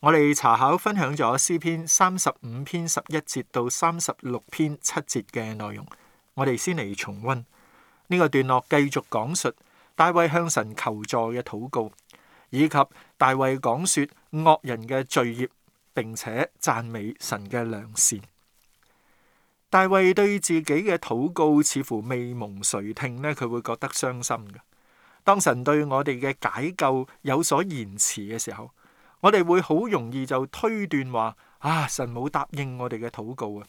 我哋查考分享咗詩篇三十五篇十一節到三十六篇七節嘅內容，我哋先嚟重溫呢、這個段落，繼續講述大衛向神求助嘅禱告，以及大衛講說惡人嘅罪孽，並且讚美神嘅良善。大衛對自己嘅禱告似乎未蒙垂聽呢，佢會覺得傷心嘅。當神對我哋嘅解救有所延遲嘅時候，我哋會好容易就推斷話啊，神冇答應我哋嘅禱告啊。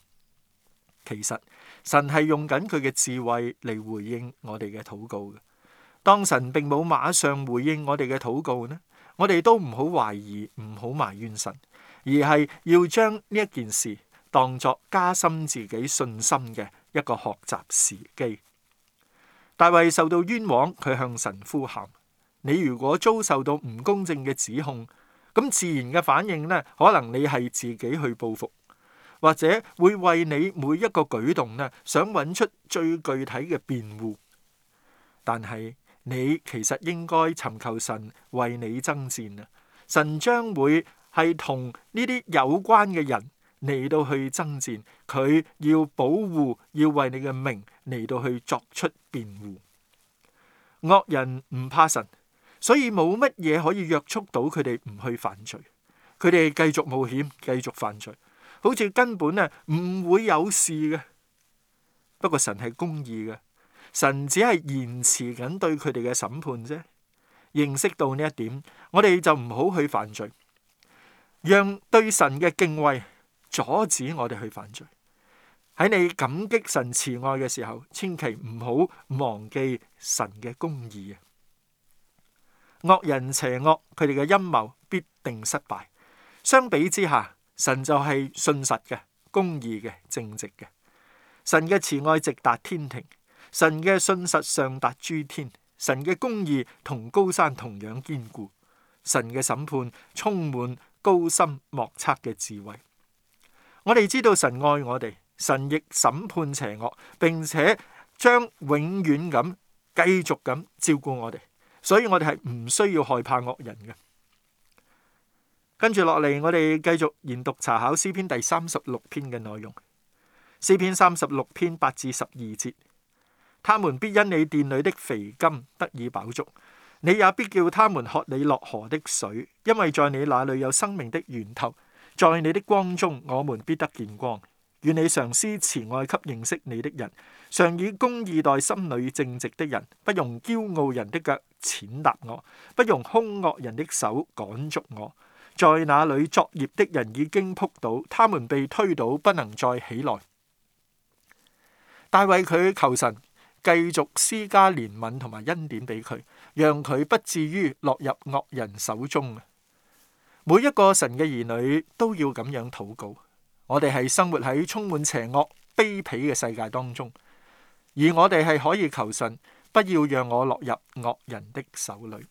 其實神係用緊佢嘅智慧嚟回應我哋嘅禱告嘅。當神並冇馬上回應我哋嘅禱告呢，我哋都唔好懷疑，唔好埋怨神，而係要將呢一件事當作加深自己信心嘅一個學習時機。大衛受到冤枉，佢向神呼喊：你如果遭受到唔公正嘅指控，咁自然嘅反應呢，可能你係自己去報復，或者會為你每一個舉動呢，想揾出最具體嘅辯護。但係你其實應該尋求神為你爭戰啊！神將會係同呢啲有關嘅人嚟到去爭戰，佢要保護，要為你嘅名嚟到去作出辯護。惡人唔怕神。所以冇乜嘢可以約束到佢哋唔去犯罪，佢哋繼續冒險、繼續犯罪，好似根本呀唔會有事嘅。不過神係公義嘅，神只係延遲緊對佢哋嘅審判啫。認識到呢一點，我哋就唔好去犯罪，讓對神嘅敬畏阻止我哋去犯罪。喺你感激神慈愛嘅時候，千祈唔好忘記神嘅公義啊！惡人邪惡，佢哋嘅陰謀必定失敗。相比之下，神就係信實嘅、公義嘅、正直嘅。神嘅慈愛直達天庭，神嘅信實上達諸天，神嘅公義同高山同樣堅固，神嘅審判充滿高深莫測嘅智慧。我哋知道神愛我哋，神亦審判邪惡，並且將永遠咁繼續咁照顧我哋。所以我哋係唔需要害怕惡人嘅。跟住落嚟，我哋繼續研讀查考詩篇第三十六篇嘅內容。詩篇三十六篇八至十二節，他們必因你殿裏的肥甘得以飽足，你也必叫他們喝你落河的水，因為在你那裏有生命的源頭，在你的光中我們必得見光。願你常施慈愛給認識你的人，常以公義待心裏正直的人，不容驕傲人的腳。踐踏我，不容兇惡人的手趕逐我。在那裏作孽的人已經仆倒，他們被推倒，不能再起來。大衛佢求神繼續施加憐憫同埋恩典俾佢，讓佢不至於落入惡人手中。每一個神嘅兒女都要咁樣禱告。我哋係生活喺充滿邪惡、卑鄙嘅世界當中，而我哋係可以求神。不要讓我落入惡人的手裏。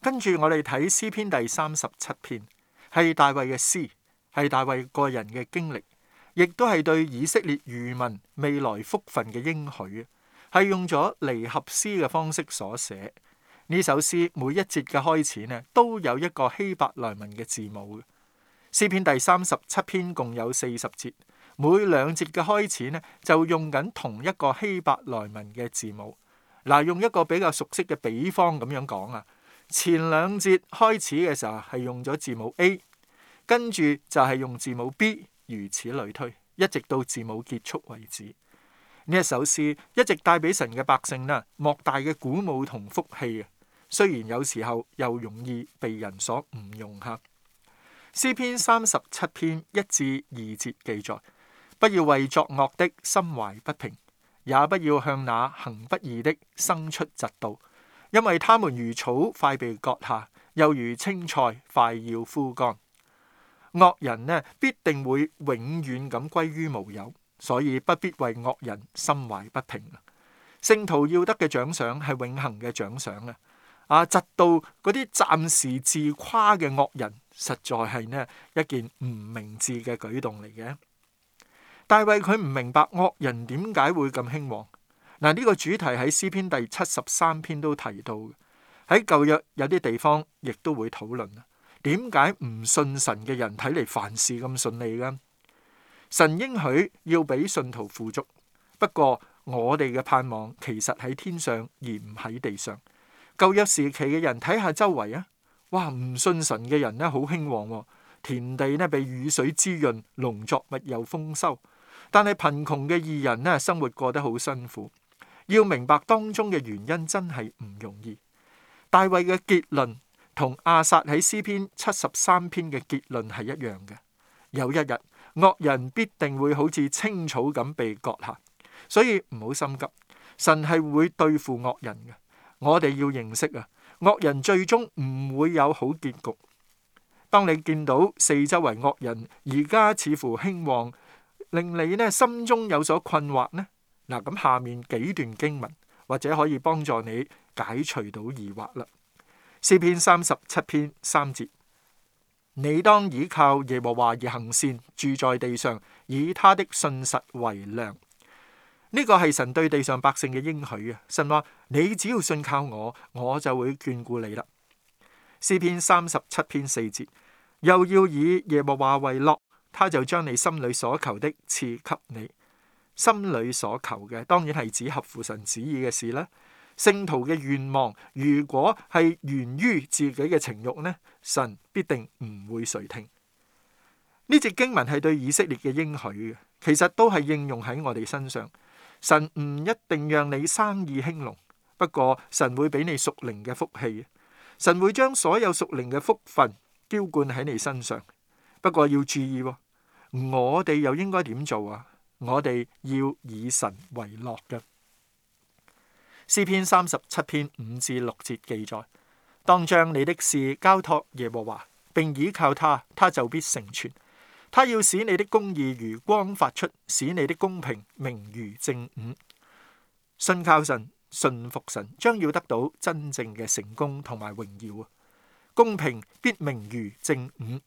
跟住，我哋睇詩篇第三十七篇，係大衛嘅詩，係大衛個人嘅經歷，亦都係對以色列餘民未來福分嘅應許。係用咗離合詩嘅方式所寫。呢首詩每一節嘅開始呢，都有一個希伯來文嘅字母。詩篇第三十七篇共有四十節，每兩節嘅開始呢，就用緊同一個希伯來文嘅字母。嗱，用一個比較熟悉嘅比方咁樣講啊，前兩節開始嘅時候係用咗字母 A，跟住就係用字母 B，如此類推，一直到字母結束為止。呢一首詩一直帶俾神嘅百姓啦，莫大嘅鼓舞同福氣啊！雖然有時候又容易被人所誤用嚇。詩篇三十七篇一至二節記載：不要為作惡的心懷不平。也不要向那行不義的生出嫉妒，因為他們如草快被割下，又如青菜快要枯乾。惡人呢，必定會永遠咁歸於無有，所以不必為惡人心懷不平。聖徒要得嘅獎賞係永恒嘅獎賞啊！啊，嫉妒嗰啲暫時自誇嘅惡人，實在係呢一件唔明智嘅舉動嚟嘅。大衛佢唔明白惡人點解會咁興旺。嗱，呢個主題喺詩篇第七十三篇都提到，喺舊約有啲地方亦都會討論。點解唔信神嘅人睇嚟凡事咁順利咧？神應許要俾信徒富足，不過我哋嘅盼望其實喺天上而唔喺地上。舊約時期嘅人睇下周圍啊，哇，唔信神嘅人呢好興旺，田地呢被雨水滋潤，農作物又豐收。但係貧窮嘅義人咧，生活過得好辛苦。要明白當中嘅原因真係唔容易。大衛嘅結論同亞薩喺詩篇七十三篇嘅結論係一樣嘅。有一日惡人必定會好似青草咁被割下，所以唔好心急。神係會對付惡人嘅。我哋要認識啊，惡人最終唔會有好結局。當你見到四周圍惡人而家似乎興旺，令你咧心中有所困惑呢？嗱，咁下面幾段經文或者可以幫助你解除到疑惑啦。詩篇三十七篇三節：你當倚靠耶和華而行善，住在地上，以他的信實為糧。呢、這個係神對地上百姓嘅應許啊！神話你只要信靠我，我就會眷顧你啦。詩篇三十七篇四節：又要以耶和華為樂。他就將你心裏所求的賜給你，心裏所求嘅當然係指合乎神旨意嘅事啦。聖徒嘅願望如果係源於自己嘅情慾呢，神必定唔會垂聽。呢節經文係對以色列嘅應許，其實都係應用喺我哋身上。神唔一定讓你生意興隆，不過神會俾你屬靈嘅福氣，神會將所有屬靈嘅福分澆灌喺你身上。不過要注意喎，我哋又應該點做啊？我哋要以神為樂嘅，詩篇三十七篇五至六節記載：當將你的事交託耶和華，並依靠他，他就必成全。他要使你的公義如光發出，使你的公平明如正午。信靠神、信服神，將要得到真正嘅成功同埋榮耀啊！公平必明如正午。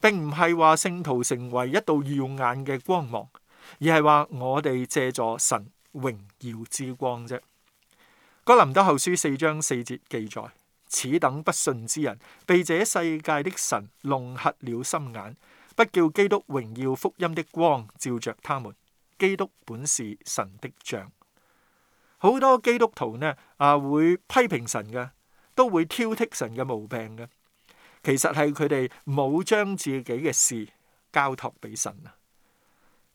並唔係話聖徒成為一道耀眼嘅光芒，而係話我哋借咗神榮耀之光啫。《哥林多後書》四章四節記載：此等不信之人，被這世界的神弄瞎了心眼，不叫基督榮耀福音的光照着他們。基督本是神的像。好多基督徒呢啊會批評神嘅，都會挑剔神嘅毛病嘅。其實係佢哋冇將自己嘅事交託俾神啊！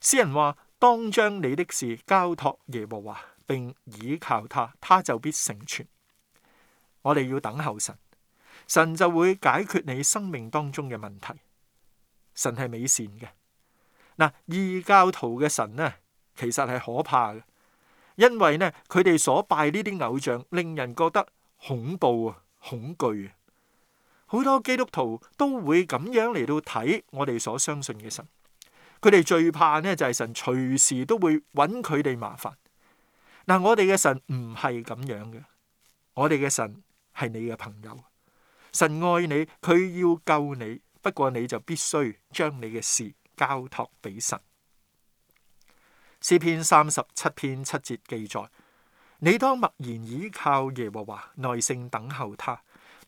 詩人話：當將你的事交託耶和華，並倚靠他，他就必成全。我哋要等候神，神就會解決你生命當中嘅問題。神係美善嘅。嗱，異教徒嘅神呢，其實係可怕嘅，因為呢佢哋所拜呢啲偶像，令人覺得恐怖啊、恐懼好多基督徒都會咁樣嚟到睇我哋所相信嘅神，佢哋最怕呢就係神隨時都會揾佢哋麻煩。嗱，我哋嘅神唔係咁樣嘅，我哋嘅神係你嘅朋友，神愛你，佢要救你，不過你就必須將你嘅事交託俾神。詩篇三十七篇七節記載：你當默然倚靠耶和華，耐性等候他。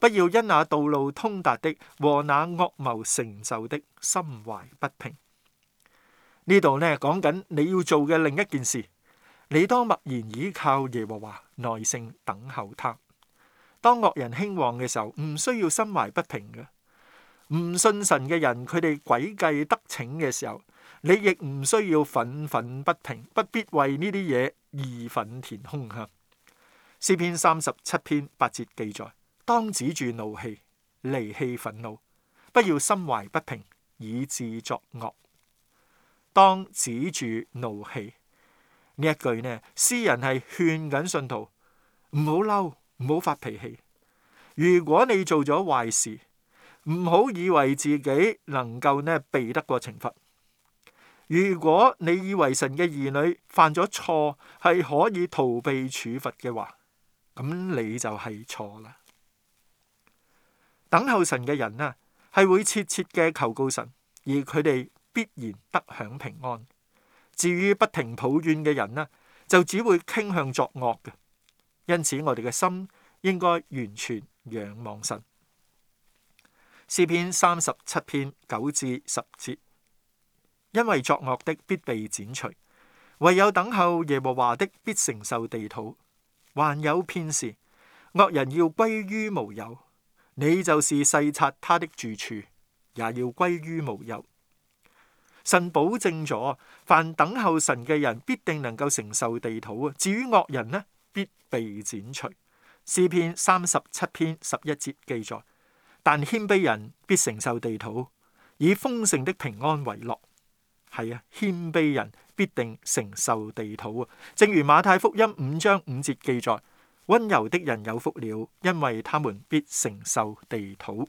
不要因那道路通達的和那惡謀成就的心懷不平。呢度咧講緊你要做嘅另一件事。你當默然倚靠耶和華，耐性等候他。當惡人興旺嘅時候，唔需要心懷不平嘅。唔信神嘅人，佢哋詭計得逞嘅時候，你亦唔需要憤憤不平，不必為呢啲嘢義憤填膺。哈，詩篇三十七篇八節記載。當止住怒氣，離棄憤怒，不要心懷不平，以致作惡。當止住怒氣呢一句呢，詩人係勸緊信徒唔好嬲，唔好發脾氣。如果你做咗壞事，唔好以為自己能夠呢避得過懲罰。如果你以為神嘅兒女犯咗錯係可以逃避處罰嘅話，咁你就係錯啦。等候神嘅人呢，係會切切嘅求告神，而佢哋必然得享平安。至於不停抱怨嘅人呢，就只會傾向作惡嘅。因此，我哋嘅心應該完全仰望神。詩篇三十七篇九至十節：因為作惡的必被剪除，唯有等候耶和華的必承受地土。還有片時，惡人要歸於無有。你就是細察他的住處，也要歸於無有。神保證咗，凡等候神嘅人必定能夠承受地土啊。至於惡人呢，必被剪除。詩篇三十七篇十一節記載：但謙卑人必承受地土，以豐盛的平安為樂。係啊，謙卑人必定承受地土啊。正如馬太福音五章五節記載。溫柔的人有福了，因為他們必承受地土。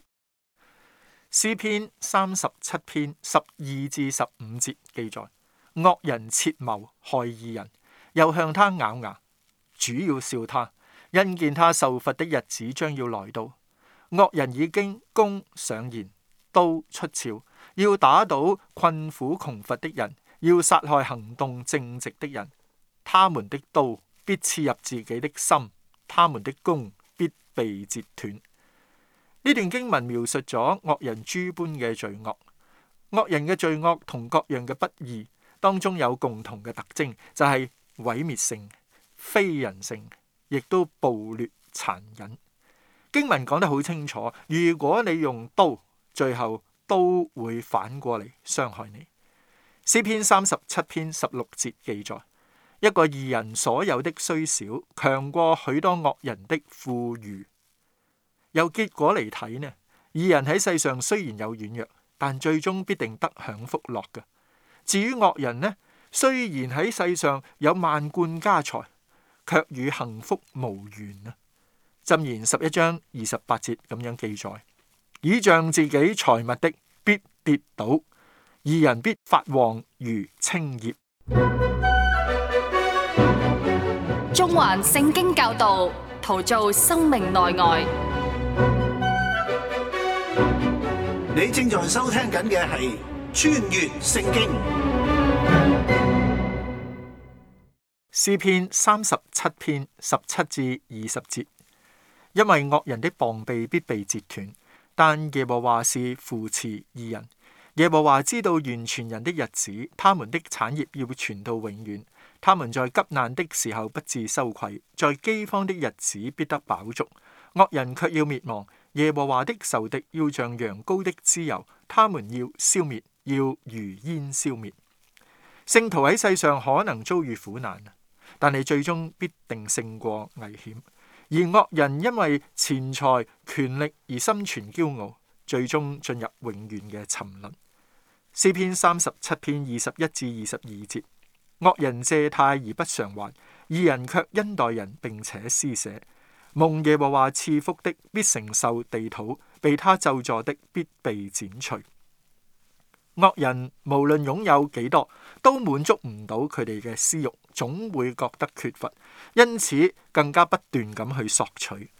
詩篇三十七篇十二至十五節記載：惡人設謀害義人，又向他咬牙，主要笑他，因見他受罰的日子將要來到。惡人已經弓上弦，刀出鞘，要打倒困苦窮乏的人，要殺害行動正直的人。他們的刀必刺入自己的心。他們的弓必被折斷。呢段經文描述咗惡人諸般嘅罪惡，惡人嘅罪惡同各樣嘅不義當中有共同嘅特徵，就係、是、毀滅性、非人性，亦都暴虐殘忍。經文講得好清楚，如果你用刀，最後刀會反過嚟傷害你。詩篇三十七篇十六節記載。一個義人所有的雖少，強過許多惡人的富裕。由結果嚟睇呢，義人喺世上雖然有軟弱，但最終必定得享福樂嘅。至於惡人呢，雖然喺世上有萬貫家財，卻與幸福無緣啊！箴言十一章二十八節咁樣記載：倚仗自己財物的必跌倒，義人必發旺如青葉。中環聖經教導，陶造生命內外。你正在收聽緊嘅係《穿越聖經》詩篇三十七篇十七至二十節。因為惡人的膀臂必被截斷，但耶和華是扶持義人。耶和華知道完全人的日子，他們的產業要存到永遠。他們在急難的時候不致羞愧，在饑荒的日子必得飽足。惡人卻要滅亡，耶和華的仇敵要像羊羔的脂油，他們要消滅，要如煙消滅。聖徒喺世上可能遭遇苦難，但係最終必定勝過危險。而惡人因為錢財、權力而心存驕傲，最終進入永遠嘅沉淪。詩篇三十七篇二十一至二十二節。惡人借貸而不償還，義人卻恩待人並且施捨。蒙耶和華賜福的必承受地土，被他咒詛的必，必被剪除。惡人無論擁有幾多，都滿足唔到佢哋嘅私欲，總會覺得缺乏，因此更加不斷咁去索取。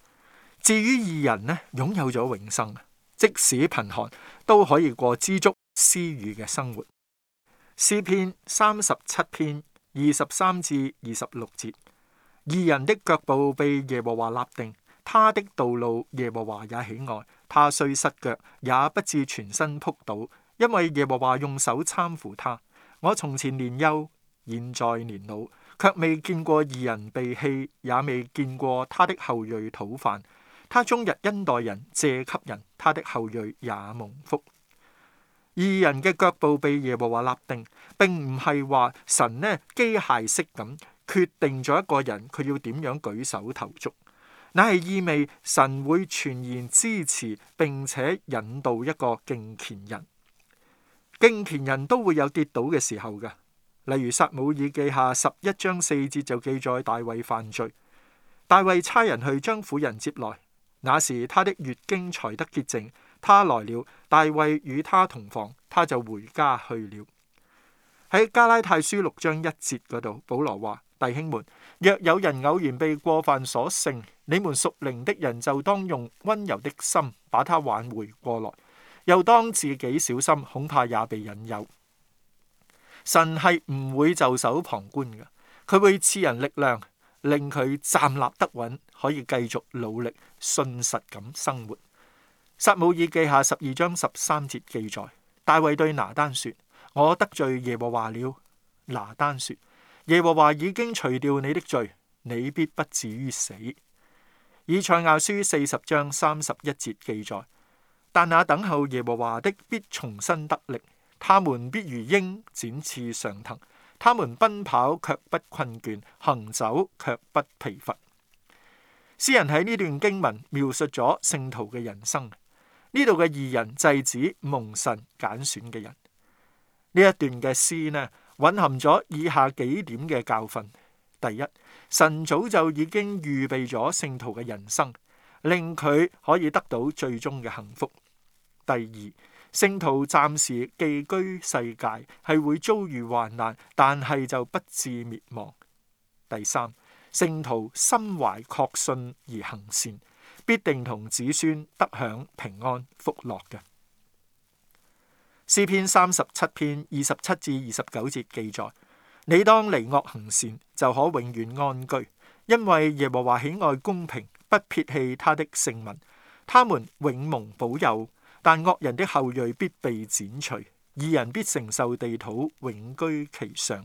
至於義人呢，擁有咗永生，即使貧寒都可以過知足施予嘅生活。詩篇三十七篇二十三至二十六節：義人的腳步被耶和華立定，他的道路耶和華也喜愛。他雖失腳，也不至全身僕倒，因為耶和華用手攙扶他。我從前年幼，現在年老，却未見過義人被棄，也未見過他的後裔討飯。他終日恩待人，借給人，他的後裔也蒙福。二人嘅腳步被耶和華立定，並唔係話神呢機械式咁決定咗一個人佢要點樣舉手投足，乃係意味神會全然支持並且引導一個敬虔人。敬虔人都會有跌倒嘅時候噶，例如《撒母耳記下》十一章四節就記載大衛犯罪，大衛差人去將婦人接來，那時他的月經才得潔淨。他來了，大衛與他同房，他就回家去了。喺加拉太書六章一節嗰度，保羅話：弟兄們，若有人偶然被過犯所勝，你們屬靈的人就當用温柔的心把他挽回過來，又當自己小心，恐怕也被引誘。神係唔會袖手旁觀嘅，佢會賜人力量，令佢站立得穩，可以繼續努力信實咁生活。撒母耳記下十二章十三節記載，大衛對拿單說：我得罪耶和華了。拿單說：耶和華已經除掉你的罪，你必不至於死。以賽亞書四十章三十一節記載：但那等候耶和華的必重新得力，他們必如鷹展翅上騰，他們奔跑卻不困倦，行走卻不疲乏。詩人喺呢段經文描述咗聖徒嘅人生。呢度嘅義人即指蒙神揀選嘅人，呢一段嘅詩呢，蘊含咗以下幾點嘅教訓：第一，神早就已經預備咗聖徒嘅人生，令佢可以得到最終嘅幸福；第二，聖徒暫時寄居世界，係會遭遇患難，但係就不致滅亡；第三，聖徒心懷確信而行善。必定同子孫得享平安福樂嘅詩篇三十七篇二十七至二十九節記載：你當離惡行善，就可永遠安居，因為耶和華喜愛公平，不撇棄他的聖民，他們永蒙保佑。但惡人的後裔必被剪除，義人必承受地土，永居其上。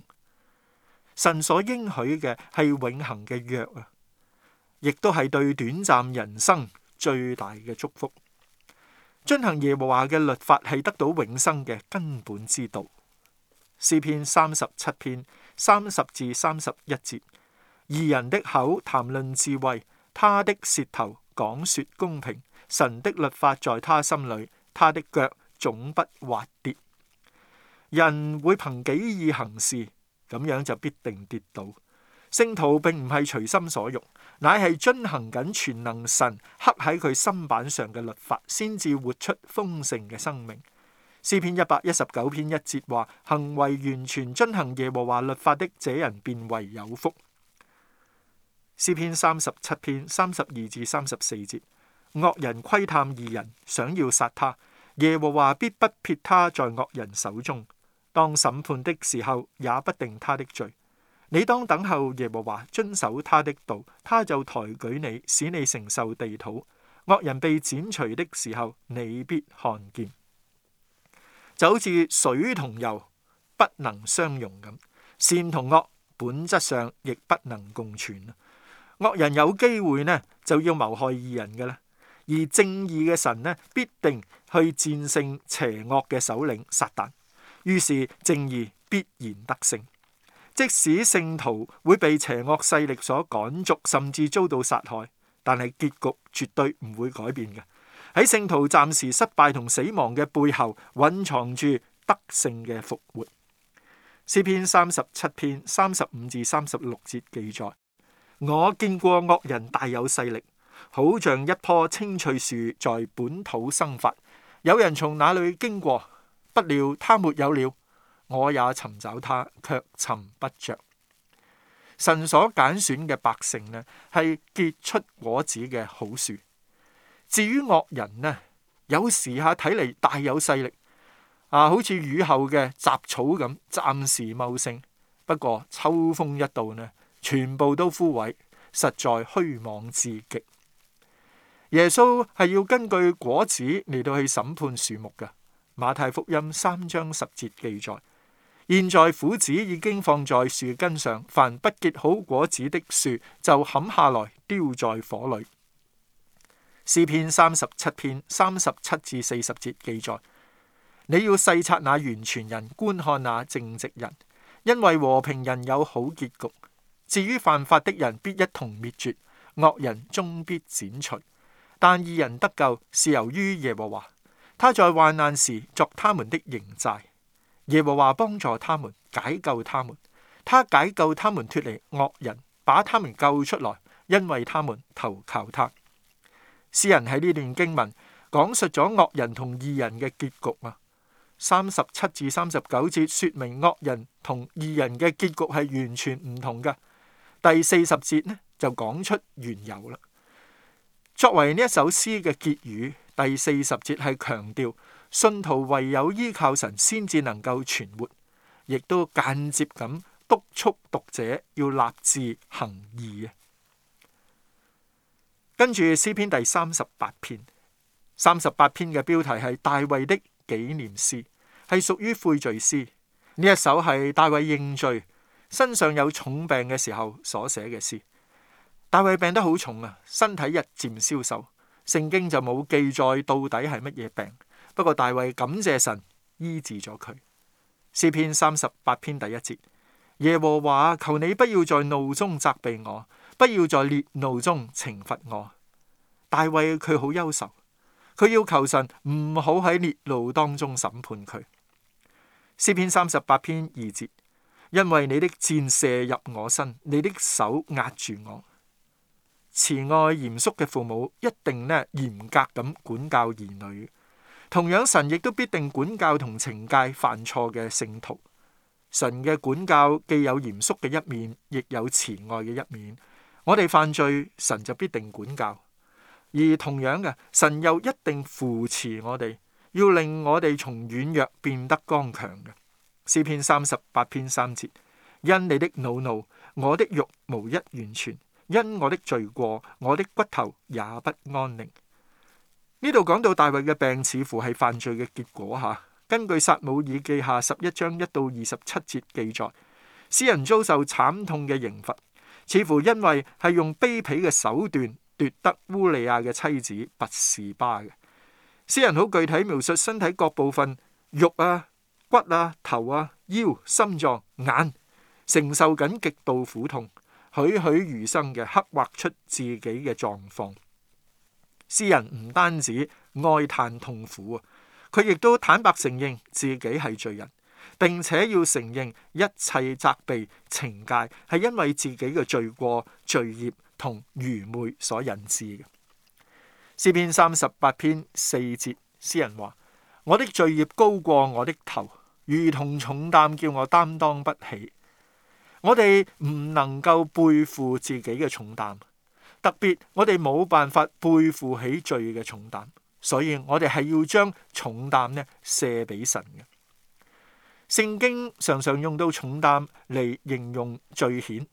神所應許嘅係永恆嘅約啊！亦都係對短暫人生最大嘅祝福。遵行耶和華嘅律法係得到永生嘅根本之道。詩篇三十七篇三十至三十一節：義人的口談論智慧，他的舌頭講說公平。神的律法在他心裏，他的腳總不滑跌。人會憑己意行事，咁樣就必定跌倒。聖徒並唔係隨心所欲。乃係遵行緊全能神刻喺佢心板上嘅律法，先至活出豐盛嘅生命。詩篇一百一十九篇一節話：行為完全遵行耶和華律法的，這人便為有福。詩篇三十七篇三十二至三十四節：惡人窺探義人，想要殺他，耶和華必不撇他在惡人手中，當審判的時候也不定他的罪。你當等候耶和華，遵守他的道，他就抬舉你，使你承受地土。惡人被剪除的時候，你必看見，就好似水同油不能相容咁，善同惡本質上亦不能共存啊！惡人有機會呢，就要謀害義人嘅啦，而正義嘅神呢，必定去戰勝邪惡嘅首領撒但，於是正義必然得勝。即使聖徒會被邪惡勢力所趕逐，甚至遭到殺害，但係結局絕對唔會改變嘅。喺聖徒暫時失敗同死亡嘅背後，蘊藏住得勝嘅復活。詩篇三十七篇三十五至三十六節記載：我見過惡人大有勢力，好像一棵青翠樹在本土生發。有人從那裡經過，不料他沒有了。我也尋找他，卻尋不着。神所揀選嘅百姓呢，係結出果子嘅好樹。至於惡人呢，有時下睇嚟大有勢力，啊，好似雨後嘅雜草咁，暫時茂盛。不過秋風一度呢，全部都枯萎，實在虛妄至極。耶穌係要根據果子嚟到去審判樹木嘅。馬太福音三章十節記載。現在斧子已經放在樹根上，凡不結好果子的樹就砍下來丟在火裏。詩篇三十七篇三十七至四十節記載：你要細察那完全人，觀看那正直人，因為和平人有好結局。至於犯法的人，必一同滅絕，惡人終必剪除。但義人得救是由於耶和華，他在患難時作他們的營寨。耶和華幫助他們，解救他們。他解救他們脫離惡人，把他們救出來，因為他們投靠他。詩人喺呢段經文講述咗惡人同義人嘅結局啊。三十七至三十九節說明惡人同義人嘅結局係完全唔同噶。第四十節呢就講出緣由啦。作為呢一首詩嘅結語，第四十節係強調。信徒唯有依靠神，先至能夠存活，亦都間接咁督促讀者要立志行義啊。跟住詩篇第三十八篇，三十八篇嘅標題係大衛的紀念詩，係屬於悔罪詩。呢一首係大衛認罪，身上有重病嘅時候所寫嘅詩。大衛病得好重啊，身體日漸消瘦。聖經就冇記載到底係乜嘢病。不過大衛感謝神醫治咗佢，詩篇三十八篇第一節，耶和華求你不要在怒中責備我，不要在烈怒中懲罰我。大衛佢好憂愁，佢要求神唔好喺烈怒當中審判佢。詩篇三十八篇二節，因為你的箭射入我身，你的手壓住我。慈愛嚴肅嘅父母一定呢嚴格咁管教兒女。同樣，神亦都必定管教同懲戒犯錯嘅聖徒。神嘅管教既有嚴肅嘅一面，亦有慈愛嘅一面。我哋犯罪，神就必定管教；而同樣嘅，神又一定扶持我哋，要令我哋從軟弱變得剛強嘅。詩篇三十八篇三節：因你的惱怒，我的肉無一完全；因我的罪過，我的骨頭也不安寧。呢度講到大衛嘅病似乎係犯罪嘅結果吓。根據撒母耳記下十一章一到二十七節記載，詩人遭受慘痛嘅刑罰，似乎因為係用卑鄙嘅手段奪得烏利亞嘅妻子拔士巴嘅。詩人好具體描述身體各部分，肉啊、骨啊、頭啊、腰、心臟、眼，承受緊極度苦痛，栩栩如生嘅刻畫出自己嘅狀況。詩人唔單止哀嘆痛苦啊，佢亦都坦白承認自己係罪人，並且要承認一切責備懲戒係因為自己嘅罪過、罪孽同愚昧所引致嘅。詩篇三十八篇四節，詩人話：我的罪孽高過我的頭，如同重擔叫我擔當不起。我哋唔能夠背負自己嘅重擔。特別我哋冇辦法背負起罪嘅重擔，所以我哋係要將重擔呢卸俾神嘅。聖經常常用到重擔嚟形容罪愆。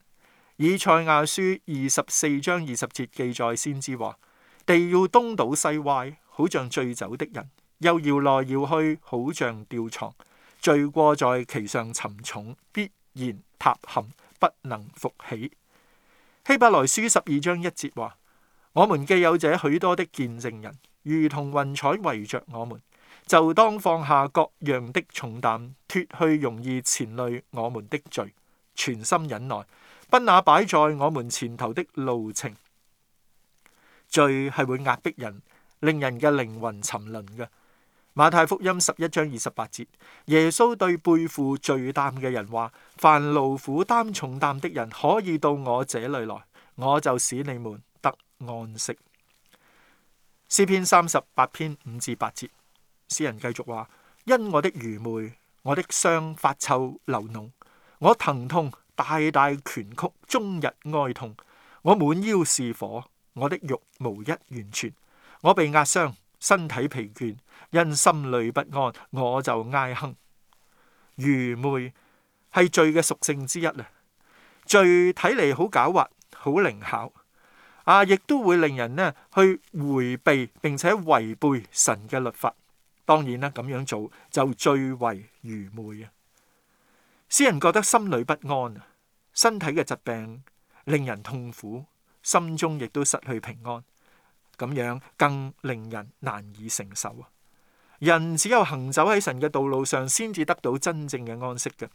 以賽亞書二十四章二十節記載先知話：地要東倒西歪，好像醉酒的人；又搖來搖去，好像吊床。罪過在其上沉重，必然塌陷，不能復起。希伯來書十二章一節話：我們既有這許多的見證人，如同雲彩圍着我們，就當放下各樣的重擔，脫去容易纏累我們的罪，全心忍耐，不那擺在我們前頭的路程。罪係會壓迫人，令人嘅靈魂沉淪嘅。馬太福音十一章二十八節，耶穌對背負罪擔嘅人話：凡勞苦擔重擔的人，可以到我這裏來，我就使你們得安息。詩篇三十八篇五至八節，詩人繼續話：因我的愚昧，我的傷發臭流膿，我疼痛大大拳曲，終日哀痛，我滿腰是火，我的肉無一完全，我被壓傷。身體疲倦，因心裏不安，我就哀哼。愚昧係罪嘅屬性之一咧，罪睇嚟好狡猾，好靈巧，啊，亦都會令人咧去回避並且違背神嘅律法。當然啦，咁樣做就最為愚昧啊！使人覺得心裏不安，身體嘅疾病令人痛苦，心中亦都失去平安。咁樣更令人難以承受啊！人只有行走喺神嘅道路上，先至得到真正嘅安息嘅。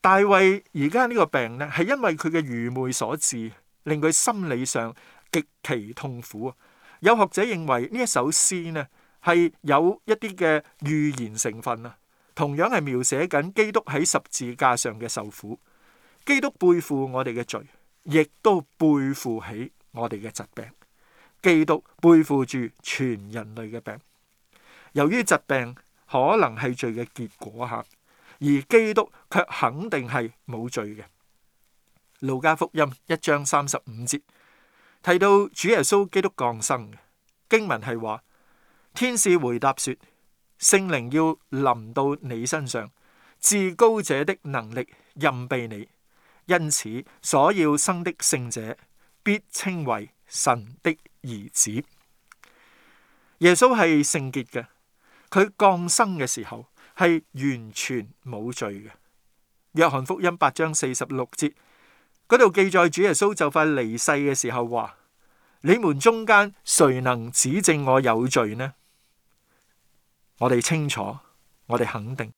大衛而家呢個病呢，係因為佢嘅愚昧所致，令佢心理上極其痛苦啊。有學者認為呢一首詩呢係有一啲嘅預言成分啊，同樣係描寫緊基督喺十字架上嘅受苦。基督背負我哋嘅罪，亦都背負起我哋嘅疾病。基督背負住全人類嘅病，由於疾病可能係罪嘅結果吓，而基督卻肯定係冇罪嘅。路加福音一章三十五節提到主耶穌基督降生嘅經文係話：天使回答說，聖靈要臨到你身上，至高者的能力蔭庇你，因此所要生的聖者必稱為神的兒子耶穌係聖潔嘅，佢降生嘅時候係完全冇罪嘅。約翰福音八章四十六節嗰度記載，主耶穌就快離世嘅時候話：你們中間誰能指證我有罪呢？我哋清楚，我哋肯定，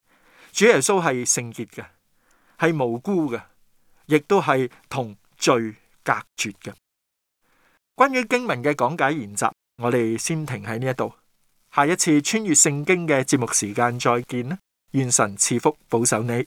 主耶穌係聖潔嘅，係無辜嘅，亦都係同罪隔絕嘅。關於經文嘅講解研習，我哋先停喺呢一度。下一次穿越聖經嘅節目時間再見啦！願神賜福保守你。